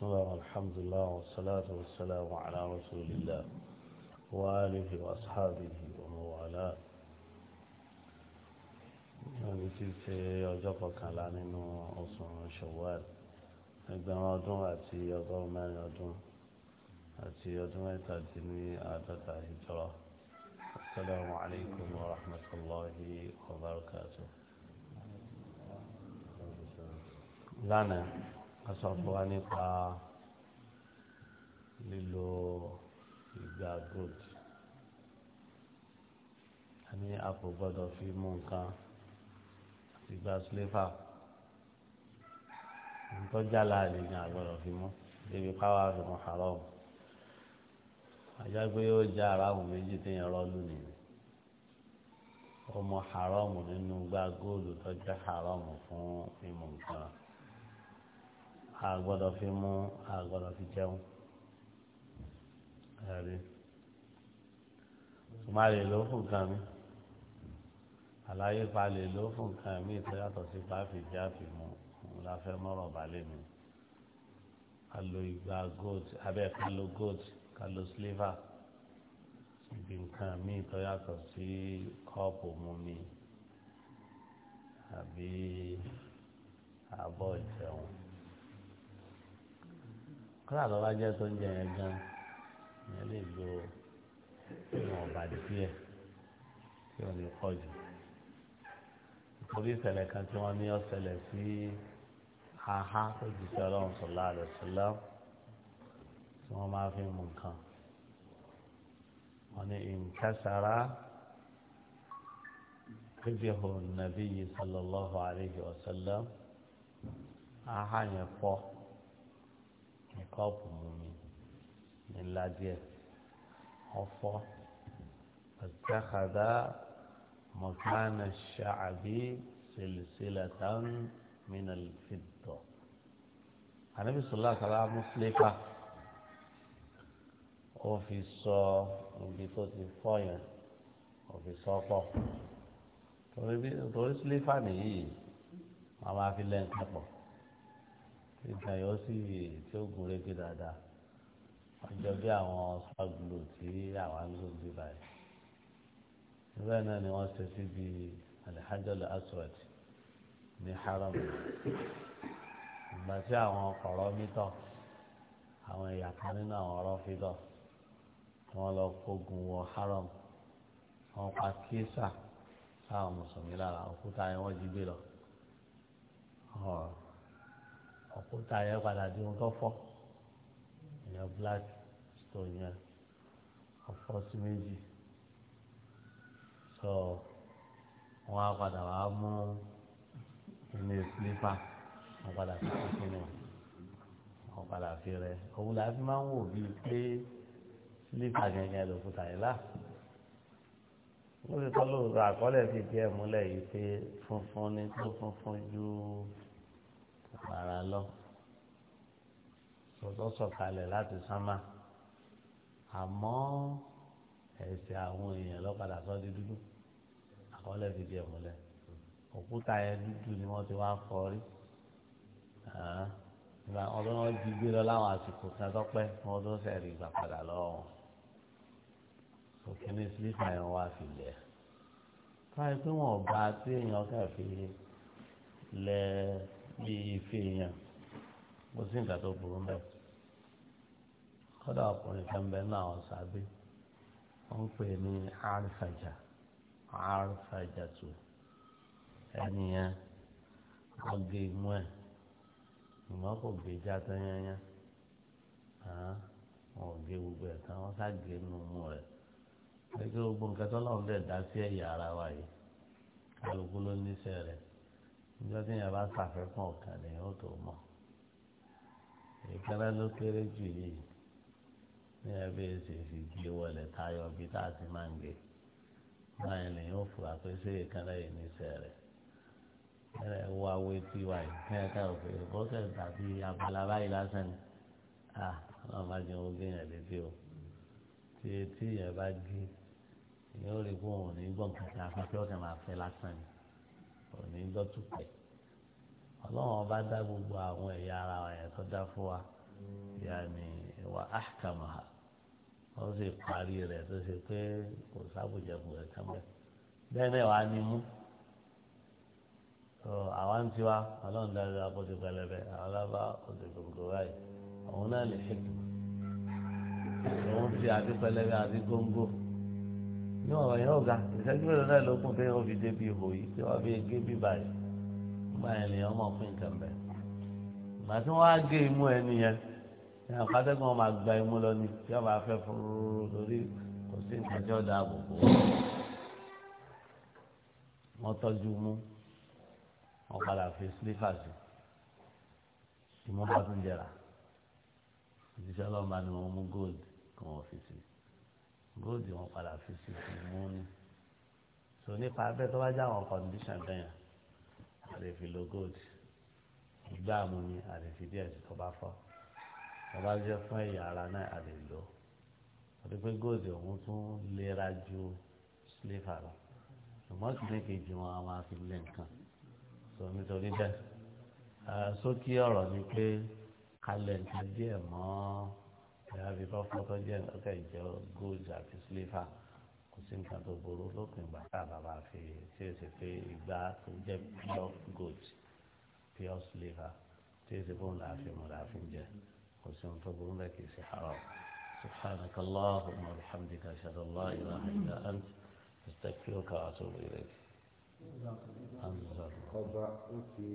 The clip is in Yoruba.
بسم الله والحمد لله والصلاة والسلام على رسول الله وآله وأصحابه وموالاه يعني تلك يجبك على أنه أصنع شوال إذا أدوم أتي يضر من يدوم أتي يدوم يتعدني آتة هجرة السلام عليكم ورحمة الله وبركاته لنا aṣọ fún wa nípa lílo ìgbà gold a ní àpò gbọ́dọ̀ fi mú nǹkan àti ìgbà sílẹ́fà ntọ́jà láàrin ní àgbọ̀dọ̀ fi mú débi káwá fi mú haram ajá pé yóò já aráàlú méjì téèyàn rọ́ọ̀lù nìyí ọmọ haram nínú gbá góòlù tọ́jà haram fún mímu nǹkan a gbọ́dọ̀ fi mú a gbọ́dọ̀ fi jẹun ẹ̀rí má lè lò fún nǹkan mi àlàyé pa lè lò fún nǹkan mi ìtọ́yàtọ̀ sí pàápì jẹ́ àfihàn òun la fẹ́ mọ́rọ̀ balẹ̀ mi ká lo ìgbà gold abẹ́ ká lo gold ká lo sliver ibi nǹkan mi ìtọ́yàtọ̀ sí kọ́ọ̀pù mu mi àbí abọ́ ìjẹun kọ́lá lọ́ bá jẹ́ tó ń jẹ yẹn gan yẹn lè lo ìwọ̀n ọ̀bàdì díẹ̀ tí wọ́n lè pọ̀ jù nítorí ìṣẹ̀lẹ̀ kan tí wọ́n ní ó ṣẹlẹ̀ sí aha tó ju sí ọlọ́run sọ̀lá rẹ̀ sọ̀lá tí wọ́n máa fi mú nǹkan wọ́n ní ìǹkẹ́sára kébìhù nàbíyí sallallahu alayhi wa sallam aha yẹn pọ̀ kọ́ọ̀pù mu mi ńlá díẹ̀ ọ̀fọ́ ọ̀tẹ́kadà mọ̀kánà ṣàbí sèlèsèlètàn mìíràn fìdọ̀. ànábì sọlá kàlá mùsùlùmá ó fi sọ ibi tó ti fọ́ yẹn ó fi sọ pọ̀ torí sílífà nìyí wọn máa fi lẹ́ńkà pọ̀ ìdàyọ́ sí tí ó gún régé dáadáa ọjọ́ bí àwọn sọ́gbùlù tí àwọn ń lò bí báyìí nígbà náà ni wọ́n ṣe síbi alhajjal aswad ní haram ìgbà tí àwọn ọ̀rọ̀ mítọ̀ àwọn ẹ̀yà kan nínú àwọn ọ̀rọ̀ fídọ̀ wọ́n lọ kógun wọ haram wọ́n pa kíésà sáwọn mùsùlùmí lára òkúta yẹn wọ́n jí gbé lọ òkúta yẹn padà di ohun tó fọ́ ìyẹn black stone yẹn ọ̀fọ́ sí méjì sọ wọn á padà wàá mú inú ìsìlífà wọn padà fi kíkín ní wọn padà fi rẹ òun là fi máa ń wò bíi pé sílífà gẹ́gẹ́ lòkúta yẹn lá wọ́n ti tọ́ lóòrò àkọọ́lẹ̀ fi díẹ̀ múlẹ̀ yìí pé funfun ni tó funfun ju màrà lọ tó sọ̀kalẹ̀ láti sánmà àmọ́ ẹ̀sẹ̀ àwọn èèyàn lọ́padà sọ di dúdú àkọọ́lẹ̀ fìdí ẹ̀ múlẹ̀ òkúta yẹn dúdú ni wọ́n ti wá fọ́ rí ìgbà wọn tó wọn jí gbé lọ láwọn àsìkò kan tọpẹ wọn tó sẹrí ìgbà padà lọ́wọ́ wọn òkè ní sílífà yẹn wá fi lẹ káyọ̀ pé wọn ò tí èèyàn kàn fi lẹ bí ife èèyàn kò sí nǹkan tó burú mẹ́ kọ́dà ọkùnrin kan bẹ́ẹ̀ náà wọ́n sábẹ́ wọ́n pè ní àrífàjà àrífàjà tó ẹni yẹn wọ́n gé imú ẹ̀ ìmọ̀ kò gbé jáde yányá wọn ò gé gbogbo ẹ̀ tán wọ́n sá inú mú rẹ̀ pé kí gbogbo nǹkan tó lọ́wọ́ dẹ̀ dá sí ẹ̀yà ara wa yìí kálukú ló níṣẹ́ rẹ̀ níjọ́ tí yẹn bá ṣàfẹ́kùn ọ̀kan lẹ́yìn ó tó mọ̀ ìkẹ́lẹ́ ló kéré jù yìí ní ẹbí èsì fi gbé wọlé tayọ bí tá a ti máa ń gbé báyìí lẹ́yìn ó fura pé ṣé ìkẹ́lẹ́ yìí ní sẹ́ rẹ̀ ẹ̀rẹ̀ wọ awo etí wa yìí kí ẹ ká ò pé bọ́sẹ̀ tàbí abala báyìí lásán ni à ọlọ́run má jẹun ó gbéyàn létí o tí etí yẹn bá gé yóò rí kó ní gbọ̀ngàn tí afẹ́fẹ́ ọ̀sẹ̀ máa fẹ́ lásán ni òní dọ́tùpẹ̀ ọlọ́run ọba dá gbogbo àwọn ẹ̀yà ara ẹ̀ tó dá fún wa yàní wà áhkàmáhà wọ́n sì parí rẹ̀ tó ṣe pé kò sábòjẹ̀kù rẹ̀ kán bẹ́ẹ̀ bẹ́ẹ̀ náà wà á ní mú àwa ń tiwa ọlọ́run dáadáa kó ti pẹlẹbẹ àwọn alábá kó gbogbo báyìí òun náà lè ṣètò òun ti àti àti góńgó níwọ̀n ẹ̀yìn ọ̀gá ìṣẹ́jú mélòó náà ló kún téèyàn fi débi ihò yìí tí wọ́n fi gé bí báyìí nígbà yẹn lèèyàn mọ̀ fún nǹkan bẹ́ẹ̀ ìgbà tí wọ́n á gé imú ẹ nìyẹn ní àkàtẹ́gùn wọn máa gba imú lọ ní tí wọ́n bá fẹ́ fúrúrú lórí kò sí nǹkan tí wọ́n dá àbùkù wọ́n tọ́jú mú wọ́n padà fi sílífà sí ìdíṣẹ́ ọlọ́mọba ni wọ́n mú góòlù kí wọ́n góòdì wọn padà fi sí ìmú ni so nípa abẹ́ tó bá já àwọn kọ́ndíṣàn bẹ́yẹn a lè fi lo góòdì ìgbà àmú ni a lè fi díẹ̀ sí tó bá fọ́ tó bá jẹ́ fún ẹ̀yà ara náà a lè lò ó wọ́n pé góòdì ọ̀hún tún lera ju sílífà lọ ṣùgbọ́n kìíní kejì wọn a máa fi lé nǹkan so nítorí bẹ́ẹ̀ sókí ọ̀rọ̀ ni pé kalẹ̀ nǹkan díẹ̀ mọ́ ọ́ fọ́fọ́ tó jẹ́ ọkọ̀ ìjọ gold àti silver kò sí nǹkan tó burú lópin ìgbà tá a bàbá fi tí o sì pé ìgbà tó jẹ́ pure gold pure silver tí o sì fún làáfin mu làáfin jẹ kò sí nǹkan tó burú lẹ́kì sí àárọ̀ سبحانك اللهم وبحمدك أشهد أن لا إله إلا أنت أستغفرك وأتوب إليك.